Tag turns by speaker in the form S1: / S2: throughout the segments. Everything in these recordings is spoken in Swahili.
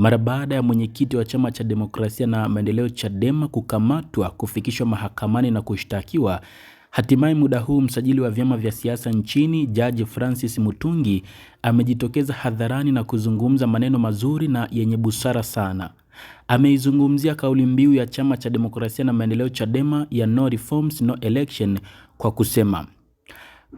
S1: mara baada ya mwenyekiti wa chama cha demokrasia na maendeleo Chadema kukamatwa, kufikishwa mahakamani na kushtakiwa. Hatimaye muda huu msajili wa vyama vya siasa nchini Jaji Francis Mutungi amejitokeza hadharani na kuzungumza maneno mazuri na yenye busara sana. Ameizungumzia kauli mbiu ya chama cha demokrasia na maendeleo Chadema ya no reforms no election kwa kusema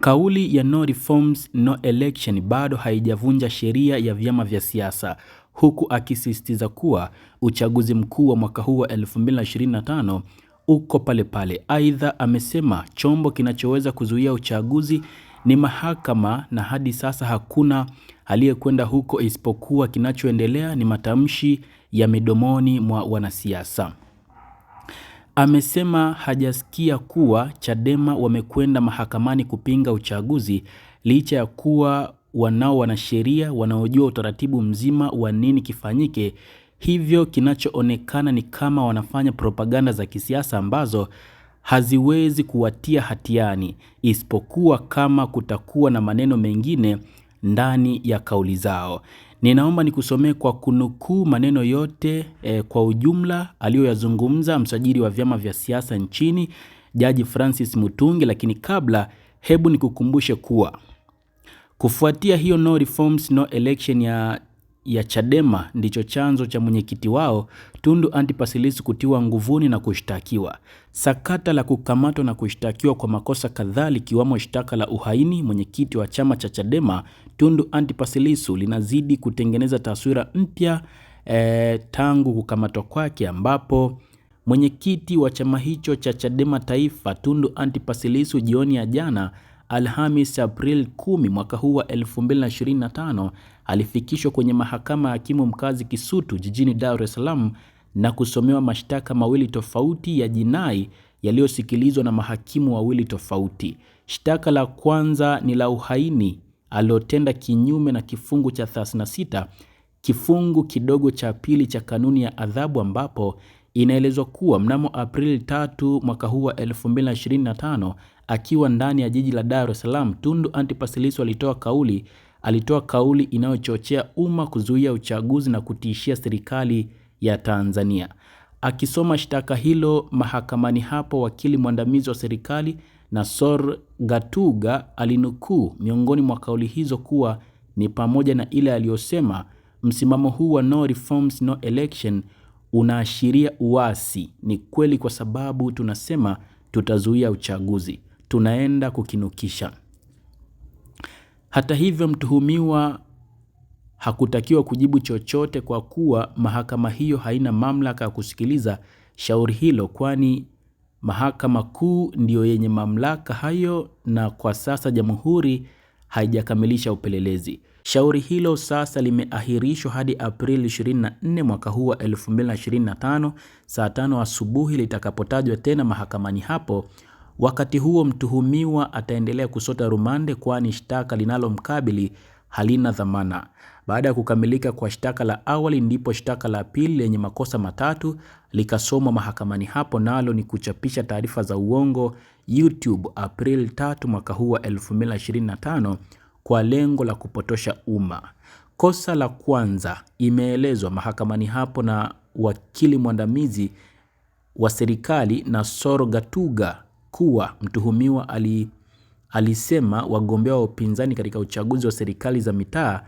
S1: kauli ya no reforms no election bado haijavunja sheria ya vyama vya siasa huku akisisitiza kuwa uchaguzi mkuu wa mwaka huu wa 2025 uko pale pale. Aidha, amesema chombo kinachoweza kuzuia uchaguzi ni mahakama na hadi sasa hakuna aliyekwenda huko, isipokuwa kinachoendelea ni matamshi ya midomoni mwa wanasiasa. Amesema hajasikia kuwa Chadema wamekwenda mahakamani kupinga uchaguzi licha ya kuwa wanao wanasheria wanaojua utaratibu mzima wa nini kifanyike. Hivyo kinachoonekana ni kama wanafanya propaganda za kisiasa ambazo haziwezi kuwatia hatiani isipokuwa kama kutakuwa na maneno mengine ndani ya kauli zao. Ninaomba nikusomee kwa kunukuu maneno yote eh, kwa ujumla aliyoyazungumza msajili wa vyama vya siasa nchini Jaji Francis Mutungi, lakini kabla, hebu nikukumbushe kuwa Kufuatia hiyo no reforms no election ya, ya Chadema ndicho chanzo cha mwenyekiti wao Tundu Antipas Lissu kutiwa nguvuni na kushtakiwa. Sakata la kukamatwa na kushtakiwa kwa makosa kadhaa likiwamo shtaka la uhaini mwenyekiti wa chama cha Chadema Tundu Antipas Lissu linazidi kutengeneza taswira mpya e, tangu kukamatwa kwake ambapo mwenyekiti wa chama hicho cha Chadema Taifa Tundu Antipas Lissu jioni ya jana Alhamis April 10 mwaka huu wa 2025 alifikishwa kwenye mahakama ya hakimu mkazi Kisutu jijini Dar es Salaam na kusomewa mashtaka mawili tofauti ya jinai yaliyosikilizwa na mahakimu wawili tofauti. Shtaka la kwanza ni la uhaini aliotenda kinyume na kifungu cha 36 kifungu kidogo cha pili cha kanuni ya adhabu ambapo Inaelezwa kuwa mnamo Aprili 3 mwaka huu wa 2025 akiwa ndani ya jiji la Dar es Salaam, Tundu Antipas Lissu alitoa kauli alitoa kauli inayochochea umma kuzuia uchaguzi na kutishia serikali ya Tanzania. Akisoma shtaka hilo mahakamani hapo, wakili mwandamizi wa serikali Nassor Gatuga alinukuu miongoni mwa kauli hizo kuwa ni pamoja na ile aliyosema, msimamo huu wa no reforms no election unaashiria uasi. Ni kweli, kwa sababu tunasema tutazuia uchaguzi, tunaenda kukinukisha. Hata hivyo, mtuhumiwa hakutakiwa kujibu chochote kwa kuwa mahakama hiyo haina mamlaka ya kusikiliza shauri hilo, kwani mahakama kuu ndiyo yenye mamlaka hayo, na kwa sasa jamhuri haijakamilisha upelelezi. Shauri hilo sasa limeahirishwa hadi Aprili 24 mwaka huu wa 2025 saa tano asubuhi litakapotajwa tena mahakamani hapo. Wakati huo mtuhumiwa ataendelea kusota rumande, kwani shtaka linalomkabili halina dhamana. Baada ya kukamilika kwa shtaka la awali, ndipo shtaka la pili lenye makosa matatu likasomwa mahakamani hapo, nalo ni kuchapisha taarifa za uongo YouTube Aprili 3 mwaka huu wa 2025 kwa lengo la kupotosha umma. Kosa la kwanza imeelezwa mahakamani hapo na wakili mwandamizi wa serikali na soro Gatuga kuwa mtuhumiwa ali, alisema wagombea wa upinzani katika uchaguzi wa serikali za mitaa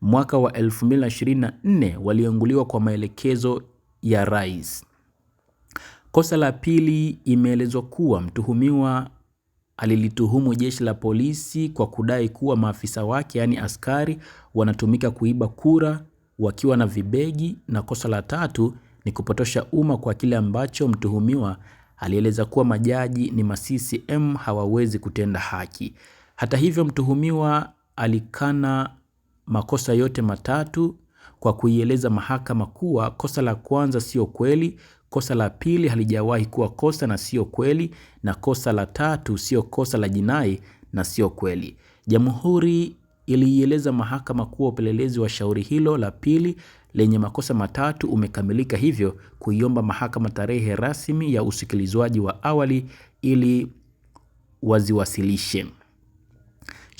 S1: mwaka wa 2024 walianguliwa kwa maelekezo ya rais. Kosa la pili imeelezwa kuwa mtuhumiwa alilituhumu jeshi la polisi kwa kudai kuwa maafisa wake yaani askari wanatumika kuiba kura wakiwa na vibegi, na kosa la tatu ni kupotosha umma kwa kile ambacho mtuhumiwa alieleza kuwa majaji ni ma-CCM hawawezi kutenda haki. Hata hivyo, mtuhumiwa alikana makosa yote matatu kwa kuieleza mahakama kuwa kosa la kwanza sio kweli, Kosa la pili halijawahi kuwa kosa na sio kweli, na kosa la tatu sio kosa la jinai na sio kweli. Jamhuri iliieleza mahakama kuwa upelelezi wa shauri hilo la pili lenye makosa matatu umekamilika, hivyo kuiomba mahakama tarehe rasmi ya usikilizwaji wa awali ili waziwasilishe.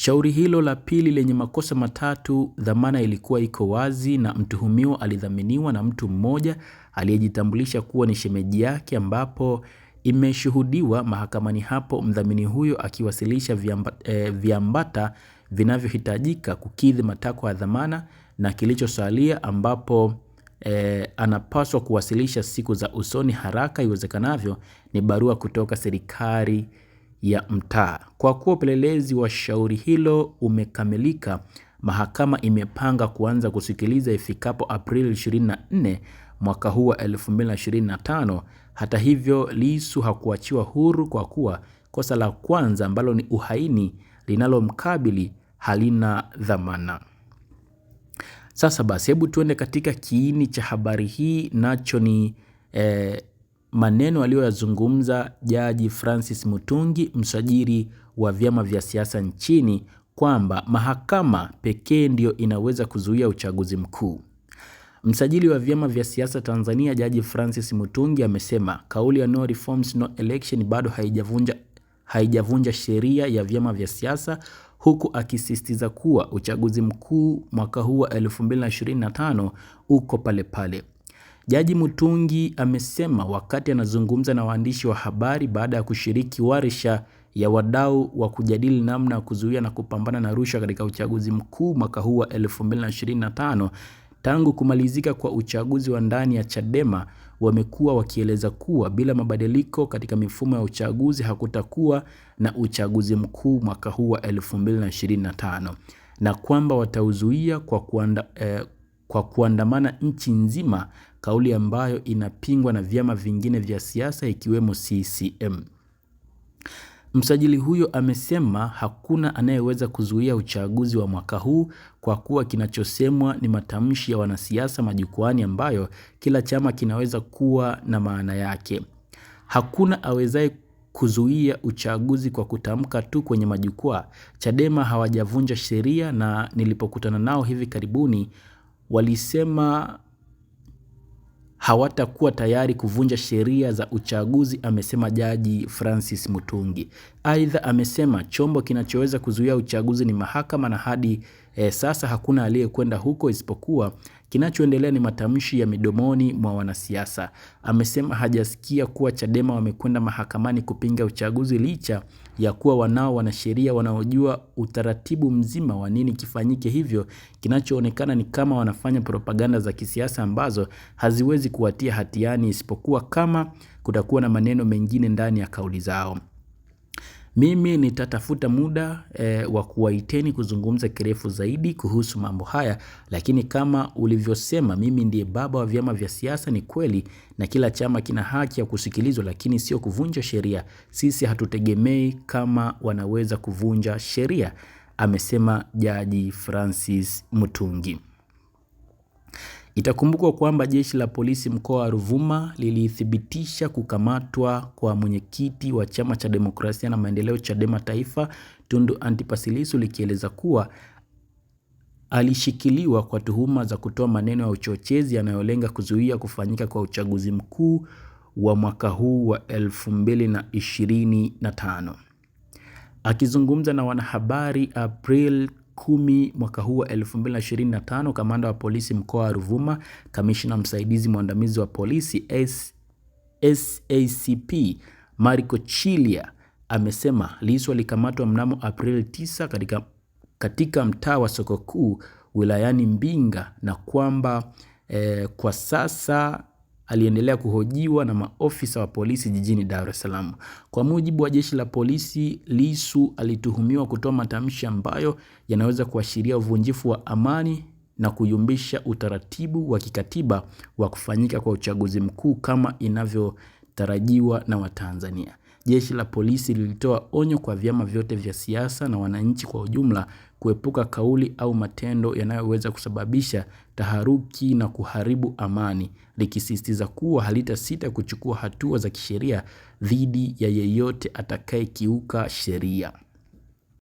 S1: Shauri hilo la pili lenye makosa matatu, dhamana ilikuwa iko wazi na mtuhumiwa alidhaminiwa na mtu mmoja aliyejitambulisha kuwa ni shemeji yake, ambapo imeshuhudiwa mahakamani hapo mdhamini huyo akiwasilisha e, viambata eh, vinavyohitajika kukidhi matakwa ya dhamana na kilichosalia ambapo eh, anapaswa kuwasilisha siku za usoni haraka iwezekanavyo ni barua kutoka serikali ya mtaa. Kwa kuwa upelelezi wa shauri hilo umekamilika, mahakama imepanga kuanza kusikiliza ifikapo Aprili 24 mwaka huu wa 2025. Hata hivyo, Lissu hakuachiwa huru kwa kuwa kosa la kwanza ambalo ni uhaini linalomkabili halina dhamana. Sasa basi, hebu tuende katika kiini cha habari hii, nacho ni eh, maneno aliyoyazungumza Jaji Francis Mutungi, msajili wa vyama vya siasa nchini, kwamba mahakama pekee ndiyo inaweza kuzuia uchaguzi mkuu. Msajili wa vyama vya siasa Tanzania, Jaji Francis Mutungi amesema kauli ya no reforms no election bado haijavunja haijavunja sheria ya vyama vya siasa huku akisisitiza kuwa uchaguzi mkuu mwaka huu wa 2025 uko pale pale. Jaji Mutungi amesema wakati anazungumza na waandishi wa habari baada ya kushiriki warsha ya wadau wa kujadili namna ya kuzuia na kupambana na rushwa katika uchaguzi mkuu mwaka huu wa 2025. Tangu kumalizika kwa uchaguzi wa ndani ya Chadema wamekuwa wakieleza kuwa bila mabadiliko katika mifumo ya uchaguzi hakutakuwa na uchaguzi mkuu mwaka huu wa 2025 na kwamba watauzuia kwa, kuanda, eh, kwa kuandamana nchi nzima kauli ambayo inapingwa na vyama vingine vya siasa ikiwemo CCM. Msajili huyo amesema hakuna anayeweza kuzuia uchaguzi wa mwaka huu kwa kuwa kinachosemwa ni matamshi ya wanasiasa majukwani ambayo kila chama kinaweza kuwa na maana yake. Hakuna awezaye kuzuia uchaguzi kwa kutamka tu kwenye majukwaa. Chadema hawajavunja sheria na nilipokutana nao hivi karibuni walisema hawatakuwa tayari kuvunja sheria za uchaguzi, amesema Jaji Francis Mutungi. Aidha, amesema chombo kinachoweza kuzuia uchaguzi ni mahakama na hadi e, sasa hakuna aliyekwenda huko isipokuwa Kinachoendelea ni matamshi ya midomoni mwa wanasiasa. Amesema hajasikia kuwa Chadema wamekwenda mahakamani kupinga uchaguzi licha ya kuwa wanao wanasheria wanaojua utaratibu mzima wa nini kifanyike. Hivyo kinachoonekana ni kama wanafanya propaganda za kisiasa ambazo haziwezi kuwatia hatiani isipokuwa kama kutakuwa na maneno mengine ndani ya kauli zao. Mimi nitatafuta muda e, wa kuwaiteni kuzungumza kirefu zaidi kuhusu mambo haya, lakini kama ulivyosema, mimi ndiye baba wa vyama vya siasa. Ni kweli, na kila chama kina haki ya kusikilizwa, lakini sio kuvunja sheria. Sisi hatutegemei kama wanaweza kuvunja sheria, amesema Jaji Francis Mutungi. Itakumbukwa kwamba jeshi la polisi mkoa wa Ruvuma lilithibitisha kukamatwa kwa mwenyekiti wa Chama cha Demokrasia na Maendeleo Chadema Taifa, Tundu Antipas Lissu likieleza kuwa alishikiliwa kwa tuhuma za kutoa maneno ya uchochezi yanayolenga kuzuia kufanyika kwa uchaguzi mkuu wa mwaka huu wa 2025. Akizungumza na wanahabari April kumi mwaka huu wa 2025, kamanda wa polisi mkoa wa Ruvuma, kamishna msaidizi mwandamizi wa polisi SACP Marco Chilia amesema Lissu alikamatwa mnamo Aprili 9 katika, katika mtaa wa soko kuu wilayani Mbinga na kwamba eh, kwa sasa aliendelea kuhojiwa na maofisa wa polisi jijini Dar es Salaam. Kwa mujibu wa jeshi la polisi, Lissu alituhumiwa kutoa matamshi ambayo yanaweza kuashiria uvunjifu wa amani na kuyumbisha utaratibu wa kikatiba wa kufanyika kwa uchaguzi mkuu kama inavyotarajiwa na Watanzania. Jeshi la polisi lilitoa onyo kwa vyama vyote vya siasa na wananchi kwa ujumla kuepuka kauli au matendo yanayoweza kusababisha taharuki na kuharibu amani, likisisitiza kuwa halitasita kuchukua hatua za kisheria dhidi ya yeyote atakayekiuka sheria.